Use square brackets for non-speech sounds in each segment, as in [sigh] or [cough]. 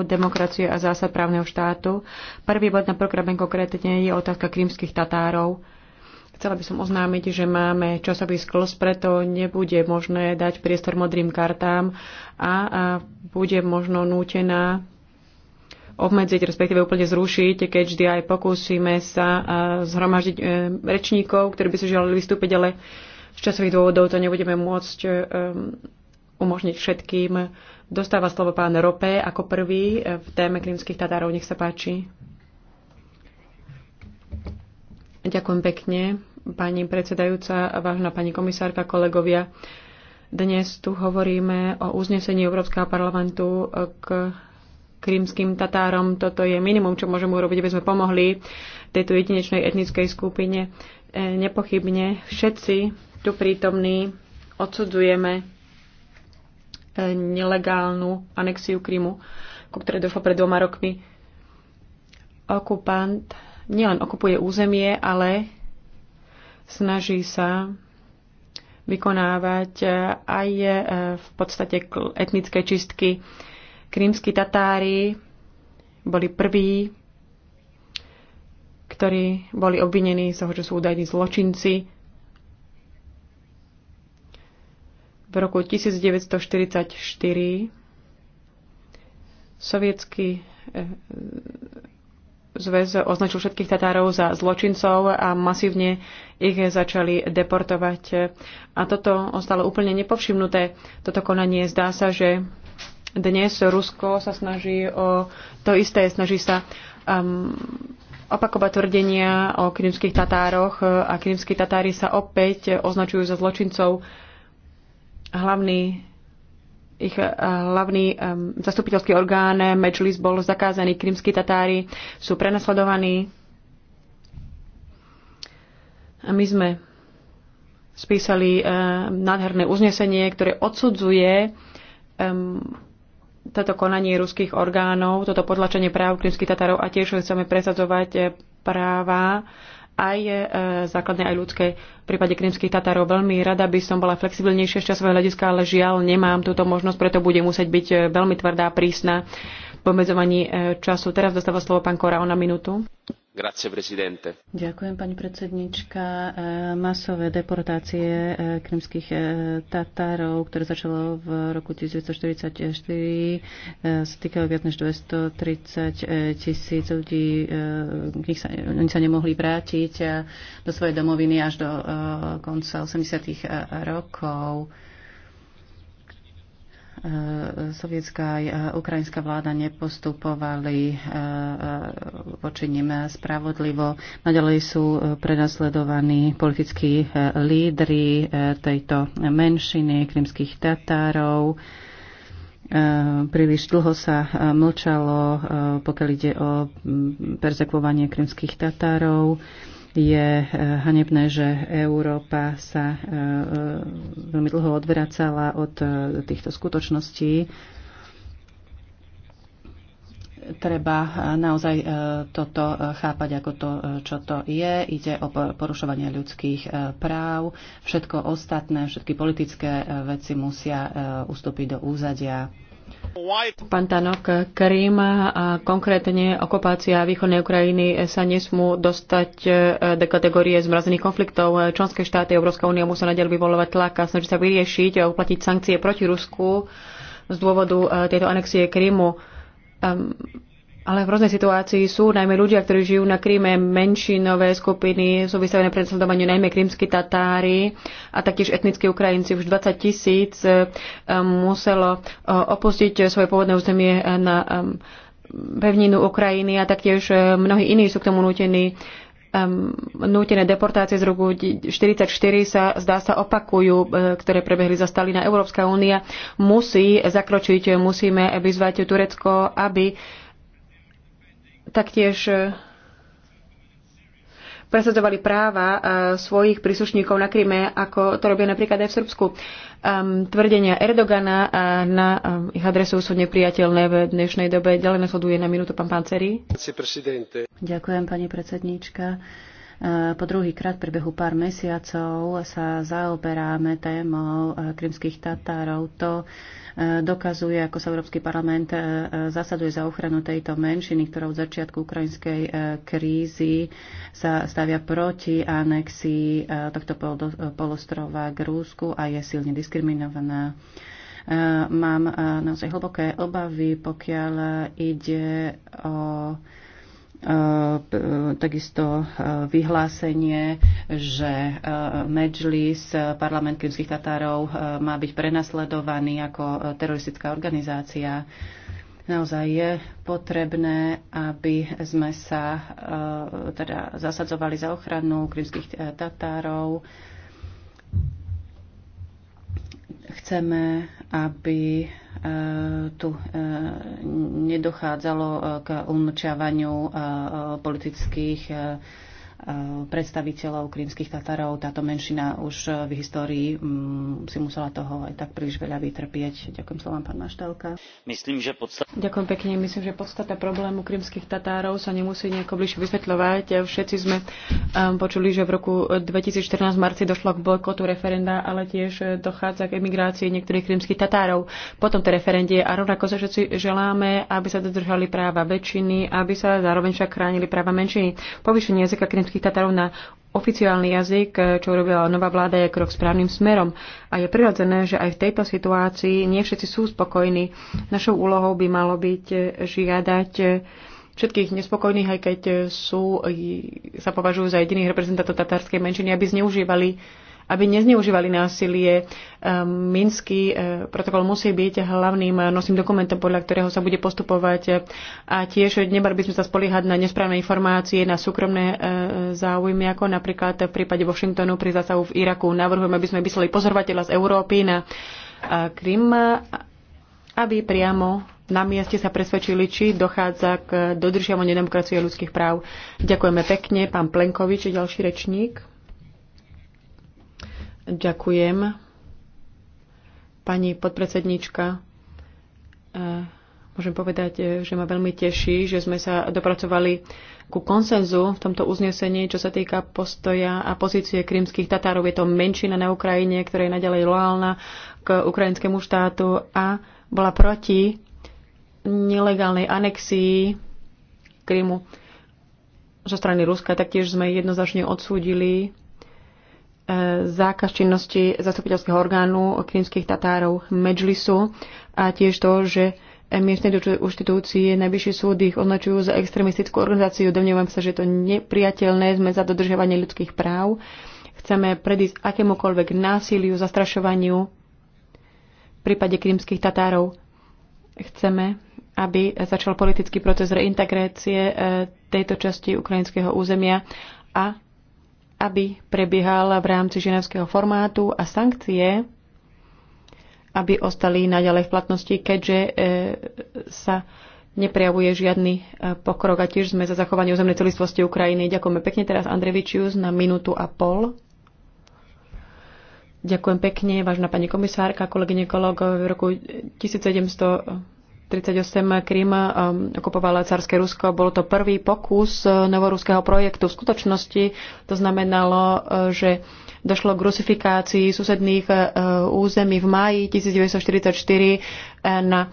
demokracie a zásad právneho štátu. Prvý bod na programe konkrétne je otázka krímskych Tatárov. Chcela by som oznámiť, že máme časový sklos, preto nebude možné dať priestor modrým kartám a, a bude možno nútená obmedziť, respektíve úplne zrušiť, keď vždy aj pokúsime sa zhromaždiť e, rečníkov, ktorí by si želali vystúpiť, ale z časových dôvodov to nebudeme môcť e, umožniť všetkým. Dostáva slovo pán Rope ako prvý eh, v téme krymských Tatárov. Nech sa páči. Ďakujem pekne, pani predsedajúca, vážna pani komisárka, kolegovia. Dnes tu hovoríme o uznesení Európskeho parlamentu eh, k krímským Tatárom. Toto je minimum, čo môžeme urobiť, aby sme pomohli tejto jedinečnej etnickej skupine. Eh, nepochybne všetci tu prítomní odsudzujeme nelegálnu anexiu Krymu, ku ktorej došlo pred dvoma rokmi. Okupant nielen okupuje územie, ale snaží sa vykonávať eh, aj eh, v podstate etnické čistky. Krímsky Tatári boli prví, ktorí boli obvinení z toho, že sú údajní zločinci v roku 1944 sovietský eh, zväz označil všetkých Tatárov za zločincov a masívne ich začali deportovať. A toto ostalo úplne nepovšimnuté. Toto konanie zdá sa, že dnes Rusko sa snaží o to isté, snaží sa um, opakovať tvrdenia o krymských Tatároch a krymskí Tatári sa opäť označujú za zločincov hlavný ich eh, hlavný um, zastupiteľský orgán eh, Medžlis bol zakázaný, krymskí Tatári sú prenasledovaní. A my sme spísali um, nádherné uznesenie, ktoré odsudzuje um, toto konanie ruských orgánov, toto potlačenie práv krymských Tatárov a tiež chceme presadzovať práva aj e, základné aj ľudské V prípade krymských Tatárov veľmi rada by som bola flexibilnejšia z časového hľadiska, ale žiaľ nemám túto možnosť, preto bude musieť byť e, veľmi tvrdá a prísna v obmedzovaní e, času. Teraz dostáva slovo pán Korao na minútu. Ďakujem, pani predsednička. E, masové deportácie e, krymských e, Tatárov, ktoré začalo v roku 1944, sa týkajú viac než 230 tisíc ľudí. Sa, oni sa nemohli vrátiť do svojej domoviny až do konca 80. rokov E, sovietská aj e, ukrajinská vláda nepostupovali e, voči nim spravodlivo. Naďalej sú prenasledovaní politickí lídry tejto menšiny, krymských Tatárov. Príliš dlho sa mlčalo, pokiaľ ide o persekvovanie krymských Tatárov je e, hanebné, že Európa sa e, e, veľmi dlho odvracala od týchto skutočností. Treba naozaj toto chápať ako to, čo to je. Ide o porušovanie ľudských práv. Všetko ostatné, všetky politické veci musia ustúpiť do úzadia. Pán Tanok, Krím a konkrétne okupácia východnej Ukrajiny sa nesmú dostať e, do kategórie zmrazených konfliktov. Členské štáty Európska únia musia nadiaľ vyvolovať tlak a snažiť sa vyriešiť a uplatiť sankcie proti Rusku z dôvodu e, tejto anexie Krímu. Ehm, ale v rôznej situácii sú najmä ľudia, ktorí žijú na Kríme, menšinové skupiny, sú vystavené predsledovaniu najmä krímsky Tatári a taktiež etnickí Ukrajinci. Už 20 tisíc eh, eh, muselo eh, opustiť svoje pôvodné územie na pevninu Ukrajiny a taktiež mnohí iní sú k tomu nútení. Nútené deportácie z roku 1944 sa zdá sa opakujú, ktoré prebehli za Stalina. Európska únia musí zakročiť, musíme vyzvať Turecko, aby taktiež e, presadzovali práva e, svojich príslušníkov na Kryme, ako to robia napríklad aj v Srbsku. Tvrdenia Erdogana e, na ich adresu sú nepriateľné v dnešnej dobe. Ďalej nasleduje na minútu pán Panceri. Ďakujem, pani predsedníčka. E, po druhý krát v priebehu pár mesiacov sa zaoberáme témou e, krymských Tatárov. To e, dokazuje, ako sa Európsky parlament zasaduje za ochranu tejto menšiny, ktorá od začiatku ukrajinskej krízy sa stavia proti anexii tohto polostrova k Rúsku a je silne diskriminovaná mám naozaj hlboké obavy, pokiaľ ide o takisto e, vyhlásenie, že e, Medžlis, e, parlament krymských Tatárov, má byť prenasledovaný ako teroristická organizácia. Naozaj je potrebné, aby sme sa teda zasadzovali za ochranu krymských Tatárov Chceme, aby e, tu e, nedochádzalo e, k umlčiavaniu politických predstaviteľov krímskych Tatarov. Táto menšina už v histórii mm, si musela toho aj tak príliš veľa vytrpieť. Ďakujem slovám pán Maštelka. Myslím, že podsta- Ďakujem pekne. Myslím, že podstata problému krímskych Tatárov sa nemusí nejako bližšie vysvetľovať. Všetci sme um, počuli, že v roku 2014 v marci došlo k bojkotu referenda, ale tiež dochádza k emigrácii niektorých krímskych Tatárov po tomto referendie. a rovnako sa všetci želáme, aby sa dodržali práva väčšiny, aby sa zároveň však chránili práva menšiny. Povýšenie jazyka krímskych krymských Tatarov na oficiálny jazyk, čo urobila nová vláda, je krok správnym smerom. A je prirodzené, že aj v tejto situácii nie všetci sú spokojní. Našou úlohou by malo byť žiadať všetkých nespokojných, aj keď sú, sa považujú za jediných reprezentantov tatárskej menšiny, aby zneužívali aby nezneužívali násilie. Ehm, Minský eh, protokol musí byť hlavným nosným dokumentom, podľa ktorého sa bude postupovať a tiež nemali by sme sa spoliehať na nesprávne informácie, na súkromné eh, záujmy, ako napríklad v prípade Washingtonu pri zásahu v Iraku. Navrhujeme, aby sme vyslali pozorovateľa z Európy na eh, Krym, aby priamo na mieste sa presvedčili, či dochádza k dodržiavaniu demokracie a ľudských práv. Ďakujeme pekne. Pán Plenkovič, ďalší rečník. Ďakujem. Pani podpredsednička, eh, môžem povedať, eh, že ma veľmi teší, že sme sa dopracovali ku konsenzu v tomto uznesení, čo sa týka postoja a pozície krymských Tatárov. Je to menšina na Ukrajine, ktorá je naďalej loálna k ukrajinskému štátu a bola proti nelegálnej anexii Krymu zo strany Ruska. Taktiež sme jednoznačne odsúdili zákaz činnosti zastupiteľského orgánu krímskych Tatárov Medžlisu a tiež to, že miestne inštitúcie, najvyšší súd ich označujú za extremistickú organizáciu. Domnievam sa, že je to nepriateľné. Sme za dodržiavanie ľudských práv. Chceme predísť akémukoľvek násiliu, zastrašovaniu v prípade krímskych Tatárov. Chceme, aby začal politický proces reintegrácie eh, tejto časti ukrajinského územia a aby prebiehala v rámci ženevského formátu a sankcie, aby ostali naďalej v platnosti, keďže e, sa neprejavuje žiadny e, pokrok a tiež sme za zachovanie územnej celistvosti Ukrajiny. Ďakujeme pekne teraz Andrevičius na minútu a pol. Ďakujem pekne, vážna pani komisárka, kolegyne kolegov. V roku 1700 38 Krym um, okupovala carské Rusko. Bol to prvý pokus uh, novoruského projektu. V skutočnosti to znamenalo, uh, že došlo k rusifikácii susedných uh, území v máji 1944 na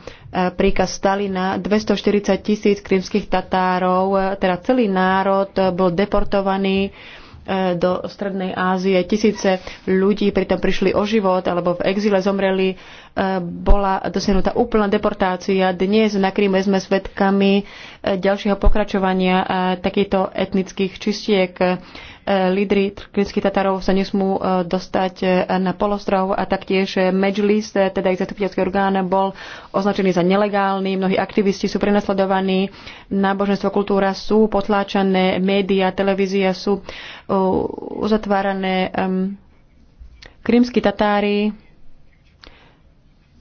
príkaz Stalina. 240 tisíc krymských Tatárov, teda celý národ bol deportovaný E, do Strednej Ázie. Tisíce ľudí pritom prišli o život alebo v exíle zomreli. E, bola dosiahnutá úplná deportácia. Dnes na Kríme sme svedkami e, ďalšieho pokračovania takýchto etnických čistiek lídry krymských Tatarov sa nesmú e, dostať e, na polostrov a taktiež e, Medžlis, teda ich zastupiteľský orgán, bol označený za nelegálny, mnohí aktivisti sú prenasledovaní, náboženstvo, kultúra sú potláčané, médiá, televízia sú uzatvárané. Krymskí Tatári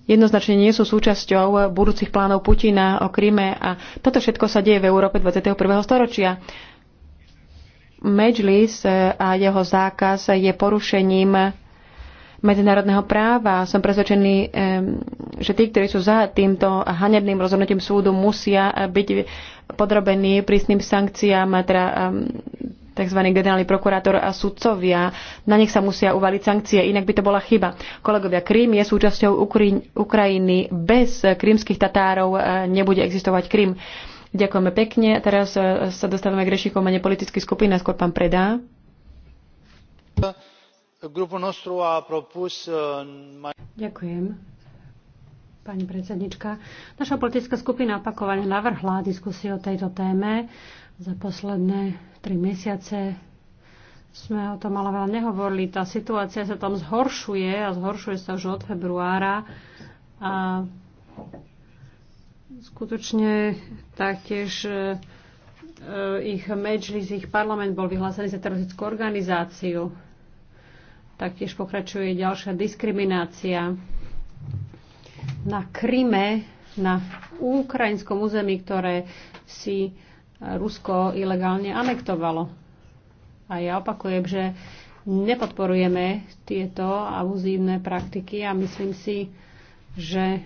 jednoznačne nie sú súčasťou budúcich plánov Putina o Kryme a toto všetko sa deje v Európe 21. storočia. Medžlis a jeho zákaz je porušením medzinárodného práva. Som presvedčený, že tí, ktorí sú za týmto hanebným rozhodnutím súdu, musia byť podrobení prísnym sankciám, teda tzv. generálny prokurátor a sudcovia. Na nich sa musia uvaliť sankcie, inak by to bola chyba. Kolegovia, Krím je súčasťou Ukri- Ukrajiny. Bez krímskych Tatárov eh, nebude existovať Krím. Ďakujeme pekne. Teraz e, sa dostávame k rešikom a politických skupín, skôr pán Predá. E, Ďakujem. Pani predsednička, naša politická skupina opakovane navrhla diskusiu o tejto téme. Za posledné tri mesiace sme o tom ale veľa nehovorili. Tá situácia sa tam zhoršuje a zhoršuje sa už od februára. A Skutočne taktiež e, e, ich medžlis, ich parlament bol vyhlásený za teroristickú organizáciu. Taktiež pokračuje ďalšia diskriminácia. Na Kryme, na ukrajinskom území, ktoré si Rusko ilegálne anektovalo. A ja opakujem, že nepodporujeme tieto abuzívne praktiky a myslím si, že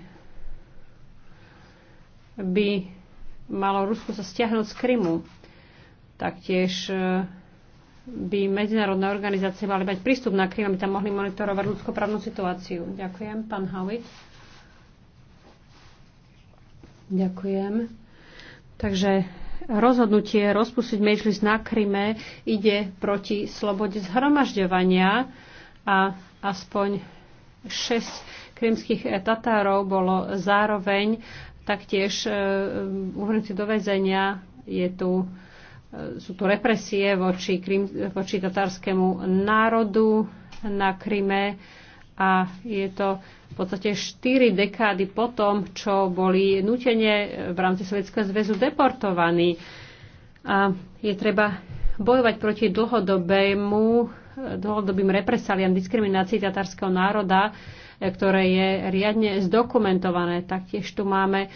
by malo Rusko sa stiahnuť z Krymu. Taktiež e, by medzinárodné organizácie mali mať prístup na Krym, aby tam mohli monitorovať ľudskoprávnu situáciu. Ďakujem, pán Howitt. Ďakujem. Takže rozhodnutie rozpustiť Mečlis na Kryme ide proti slobode zhromažďovania a aspoň 6 krymských eh, Tatárov bolo zároveň taktiež eh, uvrhnutí do väzenia. Je tu, eh, sú tu represie voči, Krim, voči tatárskému národu na Kryme a je to v podstate 4 dekády potom, čo boli nutene v rámci Sovjetského zväzu deportovaní. A je treba bojovať proti dlhodobému, dlhodobým represáliam diskriminácii tatárskeho národa ktoré je riadne zdokumentované. Taktiež tu máme e,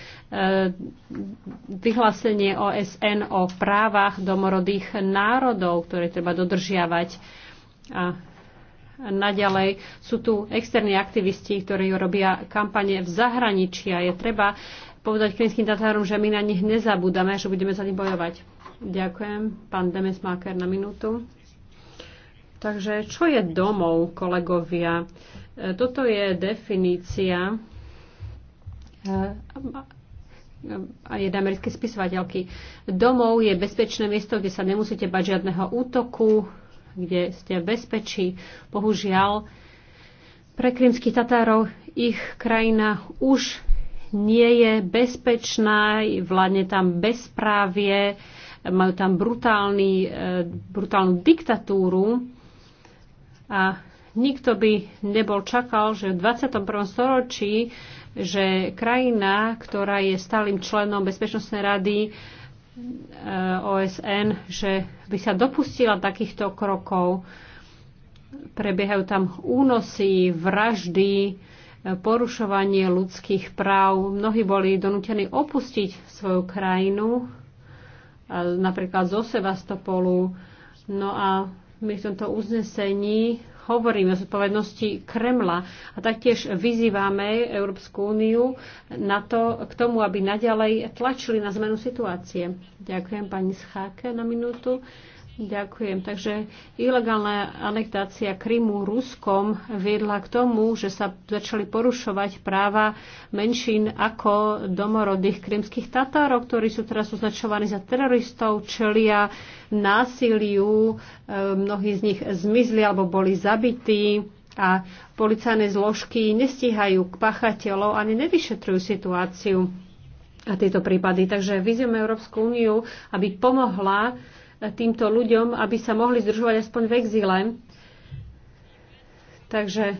vyhlásenie OSN o právach domorodých národov, ktoré treba dodržiavať. A naďalej sú tu externí aktivisti, ktorí robia kampane v zahraničí a je treba povedať krymským Tatárom, že my na nich nezabúdame, že budeme za nich bojovať. Ďakujem. Pán Demesmáker na minútu. Takže čo je domov, kolegovia? E, toto je definícia e, a jedna americké spisovateľky. Domov je bezpečné miesto, kde sa nemusíte bať žiadneho útoku, kde ste v bezpečí. Bohužiaľ, pre krymských Tatárov ich krajina už nie je bezpečná, vládne tam bezprávie, majú tam brutálny, e, brutálnu diktatúru a Nikto by nebol čakal, že v 21. storočí, že krajina, ktorá je stálym členom Bezpečnostnej rady e, OSN, že by sa dopustila takýchto krokov. Prebiehajú tam únosy, vraždy, e, porušovanie ľudských práv. Mnohí boli donútení opustiť svoju krajinu, napríklad zo Sevastopolu. No a my v tomto uznesení hovoríme o zodpovednosti Kremla a taktiež vyzývame Európsku úniu na to, k tomu, aby naďalej tlačili na zmenu situácie. Ďakujem pani Scháke na minútu. Ďakujem. Takže ilegálna anektácia Krymu Ruskom viedla k tomu, že sa začali porušovať práva menšín ako domorodých krymských Tatárov, ktorí sú teraz označovaní za teroristov, čelia násiliu, eh, mnohí z nich zmizli alebo boli zabití a policajné zložky nestíhajú k pachateľov ani nevyšetrujú situáciu a tieto prípady. Takže vyzveme Európsku úniu, aby pomohla týmto ľuďom, aby sa mohli zdržovať aspoň v exíle. Takže e,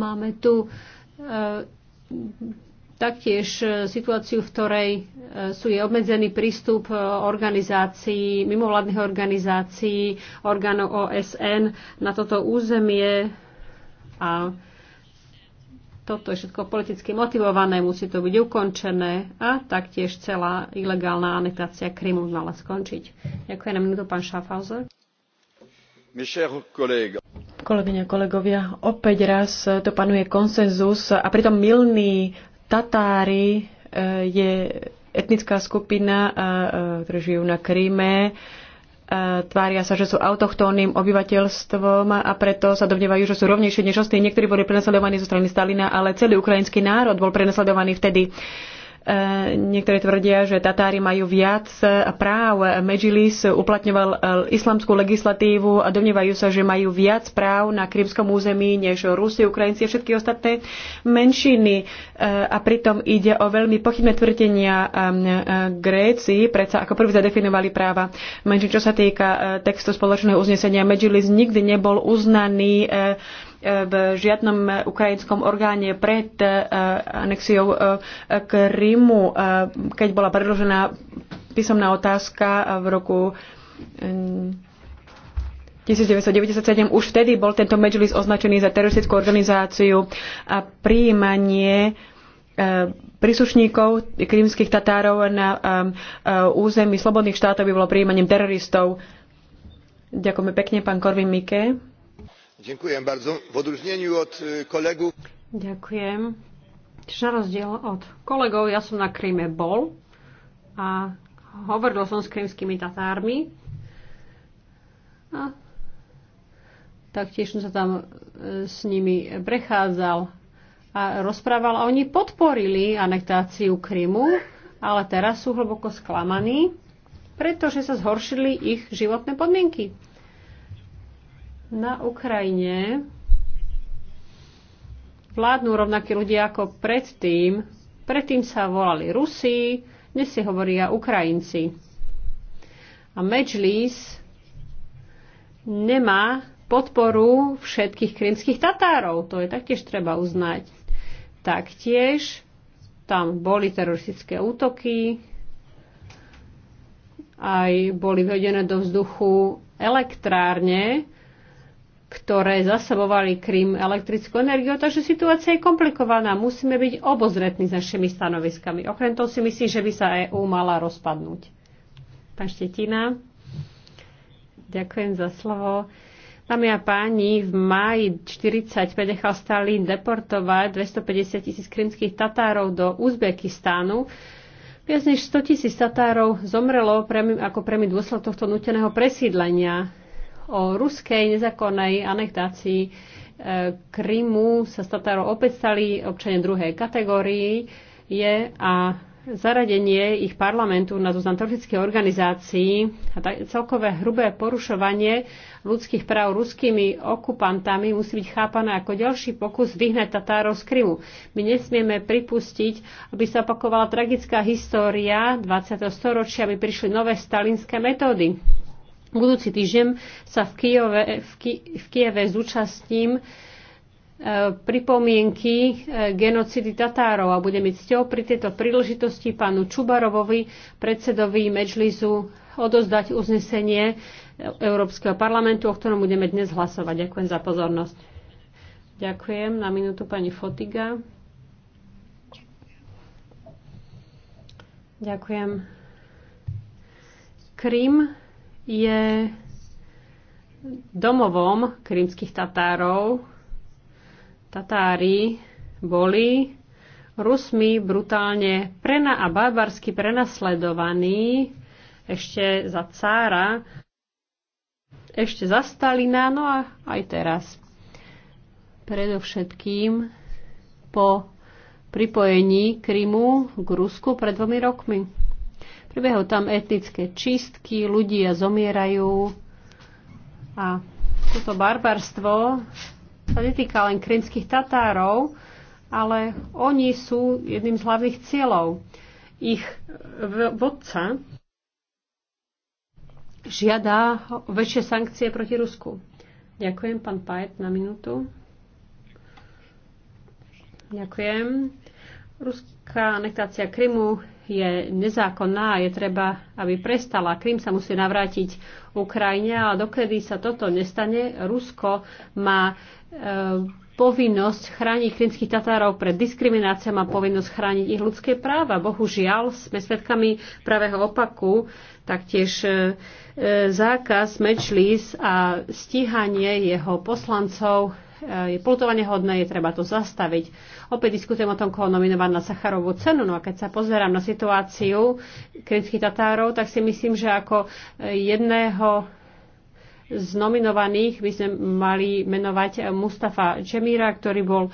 máme tu e, taktiež e, situáciu, v ktorej sú je obmedzený prístup organizácií, mimovládnych organizácií, orgánov OSN na toto územie a toto je všetko politicky motivované, musí to byť ukončené a taktiež celá ilegálna anektácia Krymu mala skončiť. Ďakujem na minútu, pán Schaffhauser. Kolegyne, kolegovia, opäť raz to panuje konsenzus a pritom milní Tatári eh, je etnická skupina, eh, eh, ktorí žijú na Kríme, tvária sa, že sú autochtónnym obyvateľstvom a preto sa domnievajú, že sú rovnejšie než ostatní. Niektorí boli prenasledovaní zo strany Stalina, ale celý ukrajinský národ bol prenasledovaný vtedy. Uh, E, niektorí tvrdia, že Tatári majú viac e, práv. Medžilis uplatňoval e, islamskú legislatívu a domnievajú sa, že majú viac práv na krímskom území než Rusi, Ukrajinci a všetky ostatné menšiny. A pritom ide o veľmi pochybné tvrdenia Gréci, predsa ako prvý zadefinovali práva menšin. Čo sa týka textu spoločného uznesenia, Medžilis nikdy nebol uznaný v žiadnom ukrajinskom orgáne pred e, anexiou e, Krymu, e, keď bola predložená písomná otázka v roku 1997 už vtedy bol tento medžlis označený za teroristickú organizáciu a príjmanie príslušníkov krímskych Tatárov na území slobodných štátov by bolo príjmaním teroristov. Ďakujeme pekne, pán Korvin Mike. Ďakujem. na rozdiel od kolegov, ja som na Kryme bol a hovoril som s krymskými Tatármi. A taktiež som sa tam e, s nimi prechádzal a rozprával a oni podporili anektáciu Krymu, ale teraz sú hlboko sklamaní, pretože sa zhoršili ich životné podmienky. Na Ukrajine vládnu rovnakí ľudia ako predtým. Predtým sa volali Rusi, dnes si hovoria Ukrajinci. A Medžlis nemá podporu všetkých krymských Tatárov. To je taktiež treba uznať. Taktiež tam boli teroristické útoky, aj boli vedené do vzduchu elektrárne, ktoré zasobovali Krym elektrickú energiu, takže situácia je komplikovaná. Musíme byť obozretní s našimi stanoviskami. Okrem toho si myslím, že by sa EÚ mala rozpadnúť. Pán Štetina, ďakujem za slovo. Dámy a páni, v máji 45 nechal Stalin deportovať 250 tisíc krymských Tatárov do Uzbekistánu. Viac než 100 tisíc Tatárov zomrelo premi, ako premi dôsledok tohto nuteného presídlenia o ruskej nezákonnej anektácii e, Krymu sa z Tatárov opäť stali občania druhej kategórii je a zaradenie ich parlamentu na zoznam teroristických organizácií a celkové hrubé porušovanie ľudských práv ruskými okupantami musí byť chápané ako ďalší pokus vyhnať Tatárov z Krymu. My nesmieme pripustiť, aby sa opakovala tragická história 20. storočia, aby prišli nové stalinské metódy. Budúci týždeň sa v Kieve, v, Ki, v Kieve zúčastním e, pripomienky e, genocidy Tatárov a budem mi cťou pri tejto príležitosti pánu Čubarovovi, predsedovi Medžlizu, odozdať uznesenie Európskeho parlamentu, o ktorom budeme dnes hlasovať. Ďakujem za pozornosť. Ďakujem. Na minútu pani Fotiga. Ďakujem. Krím je domovom krímskych Tatárov. Tatári boli Rusmi brutálne prena a barbarsky prenasledovaní ešte za cára, ešte za Stalina, no a aj teraz. Predovšetkým po pripojení Krymu k Rusku pred dvomi rokmi. Prebiehajú tam etnické čistky, ľudia zomierajú a toto barbarstvo sa netýka len krymských Tatárov, ale oni sú jedným z hlavných cieľov. Ich vodca žiada väčšie sankcie proti Rusku. Ďakujem, pán Pajet, na minútu. Ďakujem. Ruská anektácia Krymu je nezákonná a je treba, aby prestala. Krym sa musí navrátiť Ukrajine a dokedy sa toto nestane, Rusko má e, povinnosť chrániť krymských Tatárov pred diskrimináciou a povinnosť chrániť ich ľudské práva. Bohužiaľ, sme svedkami pravého opaku, taktiež e, e zákaz mečlís a stíhanie jeho poslancov je plutovanie hodné, je treba to zastaviť. Opäť diskutujem o tom, koho nominovať na Sacharovú cenu. No a keď sa pozerám na situáciu krymských Tatárov, tak si myslím, že ako jedného z nominovaných by sme mali menovať Mustafa Čemíra, ktorý bol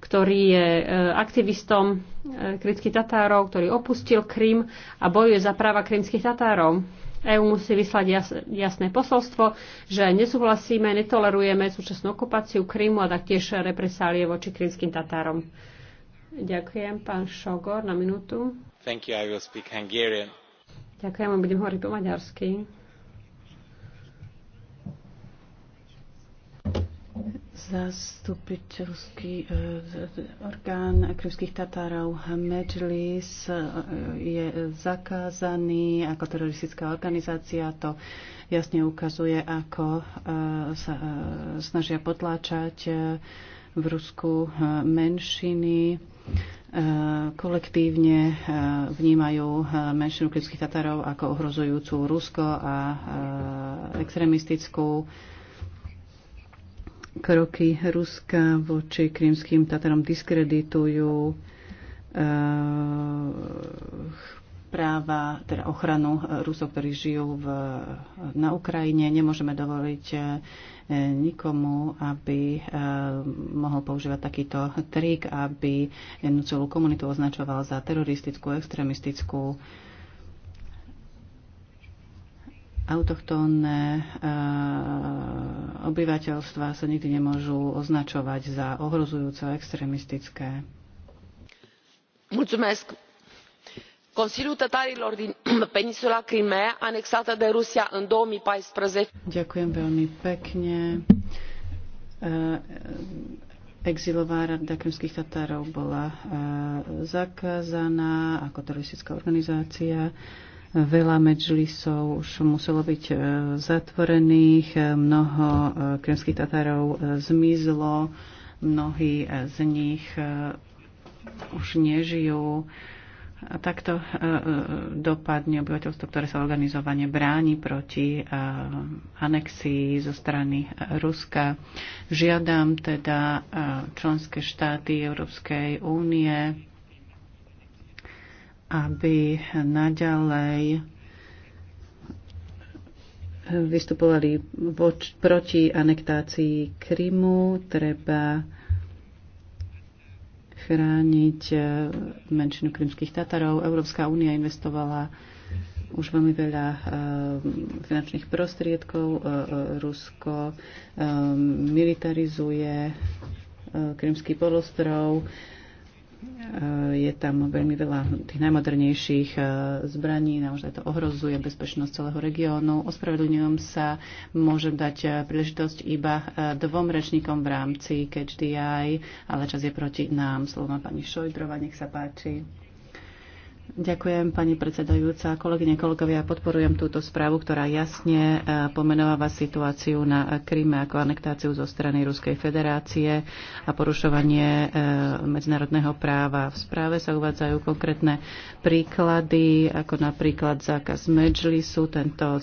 ktorý je e, aktivistom e, krymských Tatárov, ktorý opustil Krym a bojuje za práva krymských Tatárov. EU musí vyslať jasné posolstvo, že nesúhlasíme, netolerujeme súčasnú okupáciu Krymu a taktiež represálie voči krymským Tatárom. Ďakujem, pán Šogor, na minútu. Thank you, I will speak Hungarian. Ďakujem, budem hovoriť po maďarsky. Zastupiteľský e, orgán krymských Tatárov Medžlis e, je zakázaný ako teroristická organizácia. To jasne ukazuje, ako e, sa snažia potláčať v Rusku menšiny kolektívne vnímajú menšinu krymských Tatárov ako ohrozujúcu Rusko a extremistickú Kroky Ruska voči krímským Tatarom diskreditujú eh, práva, teda ochranu eh, Rusov, ktorí žijú v, na Ukrajine. Nemôžeme dovoliť eh, nikomu, aby mohol používať takýto trik, aby jednu celú komunitu označoval za teroristickú, extremistickú autochtónne e, obyvateľstva sa nikdy nemôžu označovať za ohrozujúce a extrémistické. Mulțumesc. Consiliul Tătarilor din [clears throat] peninsula Crimea, anexată de Rusia în 2014. Ďakujem veľmi pekne. E, exilová rada krymských Tatárov bola e, zakázaná ako teroristická organizácia. Veľa medžlisov už muselo byť e, zatvorených, e, mnoho e, krymských Tatárov zmizlo, mnohí z nich už nežijú. A takto dopadne obyvateľstvo, ktoré sa organizovane bráni proti anexii zo strany Ruska. Žiadam teda členské štáty Európskej únie, aby naďalej vystupovali voč, proti anektácii Krymu. Treba chrániť eh, menšinu krymských Tatarov. Európska únia investovala už veľmi veľa eh, finančných prostriedkov. Eh, Rusko militarizuje Krymský polostrov Eh, je tam veľmi veľa tých najmodernejších eh, zbraní, naozaj to ohrozuje bezpečnosť celého regiónu. Ospravedlňujem sa, môžem dať eh, príležitosť iba dvom rečníkom v rámci KHDI, ale čas je proti nám. Slovo má pani Šojdrova, nech sa páči. Ďakujem, pani predsedajúca. Kolegyne, kolegovia, podporujem túto správu, ktorá jasne e, pomenováva situáciu na Kryme ako anektáciu zo strany Ruskej federácie a porušovanie e, medzinárodného práva. V správe sa uvádzajú konkrétne príklady, ako napríklad zákaz Medžlisu, tento e,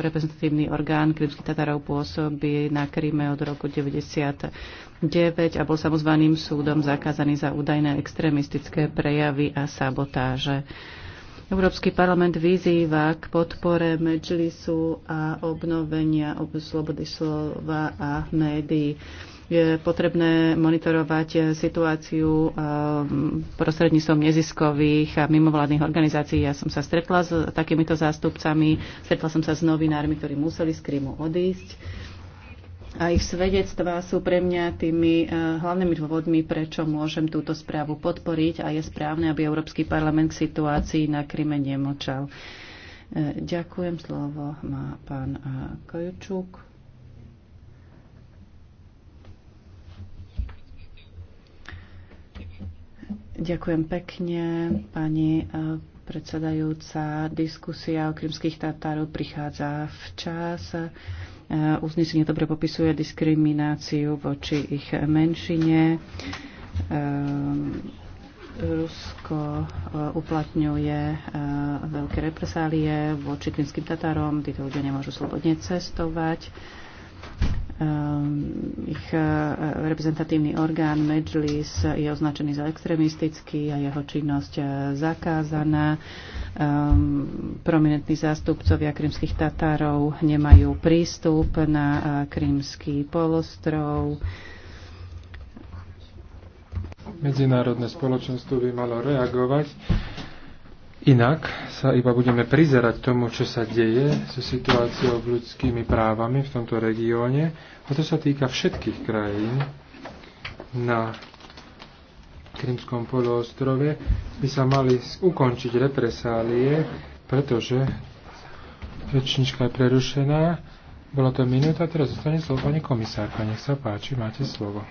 reprezentatívny orgán krymských Tatarov pôsobí na Kryme od roku 90 9 a bol samozvaným súdom zakázaný za údajné extrémistické prejavy a sabotáže. Európsky parlament vyzýva k podpore Medžlisu a obnovenia slobody slova a médií. Je potrebné monitorovať situáciu ehm, prostredníctvom neziskových a mimovládnych organizácií. Ja som sa stretla s takýmito zástupcami, stretla som sa s novinármi, ktorí museli z Krymu odísť a ich svedectvá sú pre mňa tými eh, hlavnými dôvodmi, prečo môžem túto správu podporiť a je správne, aby Európsky parlament k situácii na Kryme nemočal. Eh, ďakujem, slovo má pán eh, kojučuk. Ďakujem pekne, pani predsedajúca. Diskusia o krymských Tatárov prichádza včas. Eh, uznesenie dobre popisuje diskrimináciu voči ich menšine. Eh, Rusko eh, uplatňuje veľké represálie voči krymským tatarom, Títo ľudia nemôžu slobodne cestovať Ehm, ich eh, reprezentatívny orgán Medžlis je označený za extremistický a jeho činnosť eh, zakázaná. Ehm, prominentní zástupcovia krymských Tatárov nemajú prístup na eh, krymský polostrov. Medzinárodné spoločenstvo by malo reagovať Inak sa iba budeme prizerať tomu, čo sa deje so situáciou v ľudskými právami v tomto regióne, a to sa týka všetkých krajín na Krymskom poloostrove, by sa mali ukončiť represálie, pretože rečnička je prerušená. Bola to minúta, teraz zostane slovo pani komisárka. Nech sa páči, máte slovo.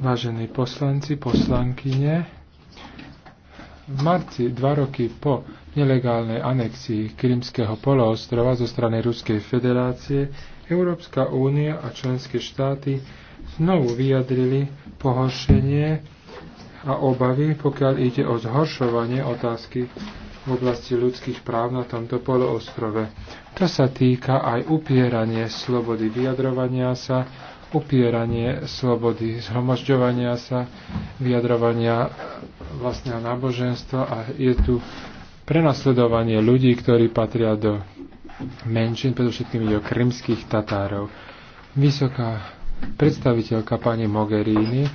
Vážení poslanci, poslankyne, v marci, dva roky po nelegálnej anexii Krymského poloostrova zo strany Ruskej federácie, Európska únia a členské štáty znovu vyjadrili pohoršenie a obavy, pokiaľ ide o zhoršovanie otázky v oblasti ľudských práv na tomto poloostrove. To sa týka aj upieranie slobody vyjadrovania sa, upieranie slobody, zhromažďovania sa, vyjadrovania vlastného náboženstva a je tu prenasledovanie ľudí, ktorí patria do menšin, predovšetkým ide o krymských Tatárov. Vysoká predstaviteľka pani Mogherini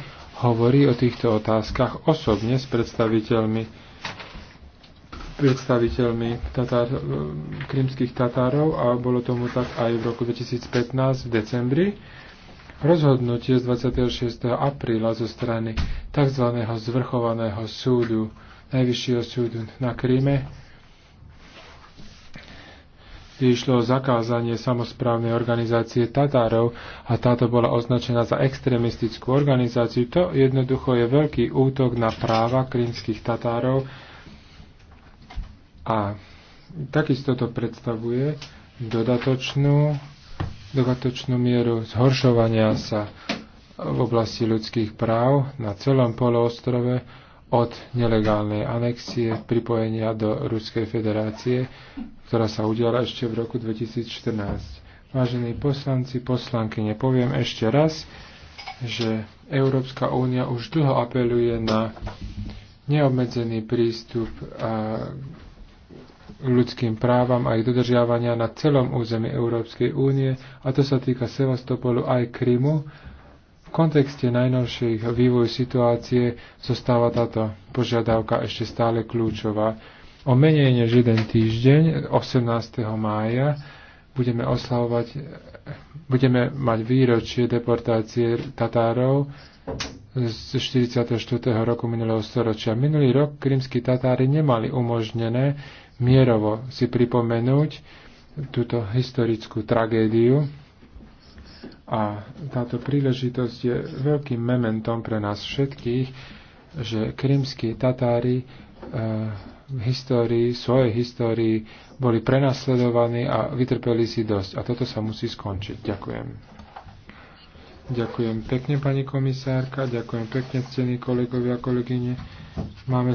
hovorí o týchto otázkach osobne s predstaviteľmi predstaviteľmi tatár, krymských Tatárov a bolo tomu tak aj v roku 2015 v decembri. Rozhodnutie z 26. apríla zo strany tzv. zvrchovaného súdu, Najvyššieho súdu na Kríme, kde išlo o zakázanie samozprávnej organizácie Tatárov a táto bola označená za extremistickú organizáciu. To jednoducho je veľký útok na práva krímskych Tatárov a takisto to predstavuje dodatočnú dodatočnú mieru zhoršovania sa v oblasti ľudských práv na celom poloostrove od nelegálnej anexie pripojenia do Ruskej federácie, ktorá sa udiala ešte v roku 2014. Vážení poslanci, poslanky, nepoviem ešte raz, že Európska únia už dlho apeluje na neobmedzený prístup a ľudským právam a ich dodržiavania na celom území Európskej únie, a to sa týka Sevastopolu aj Krymu. V kontexte najnovších vývoj situácie zostáva táto požiadavka ešte stále kľúčová. O menej než jeden týždeň, 18. mája, budeme oslavovať, budeme mať výročie deportácie Tatárov z 44. roku minulého storočia. Minulý rok krímsky Tatári nemali umožnené mierovo si pripomenúť túto historickú tragédiu a táto príležitosť je veľkým mementom pre nás všetkých, že krymskí Tatári eh, v histórii, svojej histórii boli prenasledovaní a vytrpeli si dosť. A toto sa musí skončiť. Ďakujem. Ďakujem pekne, pani komisárka, ďakujem pekne, cení kolegovia a kolegyne. Máme